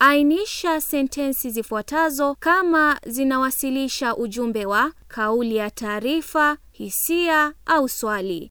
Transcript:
Ainisha sentensi zifuatazo kama zinawasilisha ujumbe wa kauli ya taarifa, hisia au swali.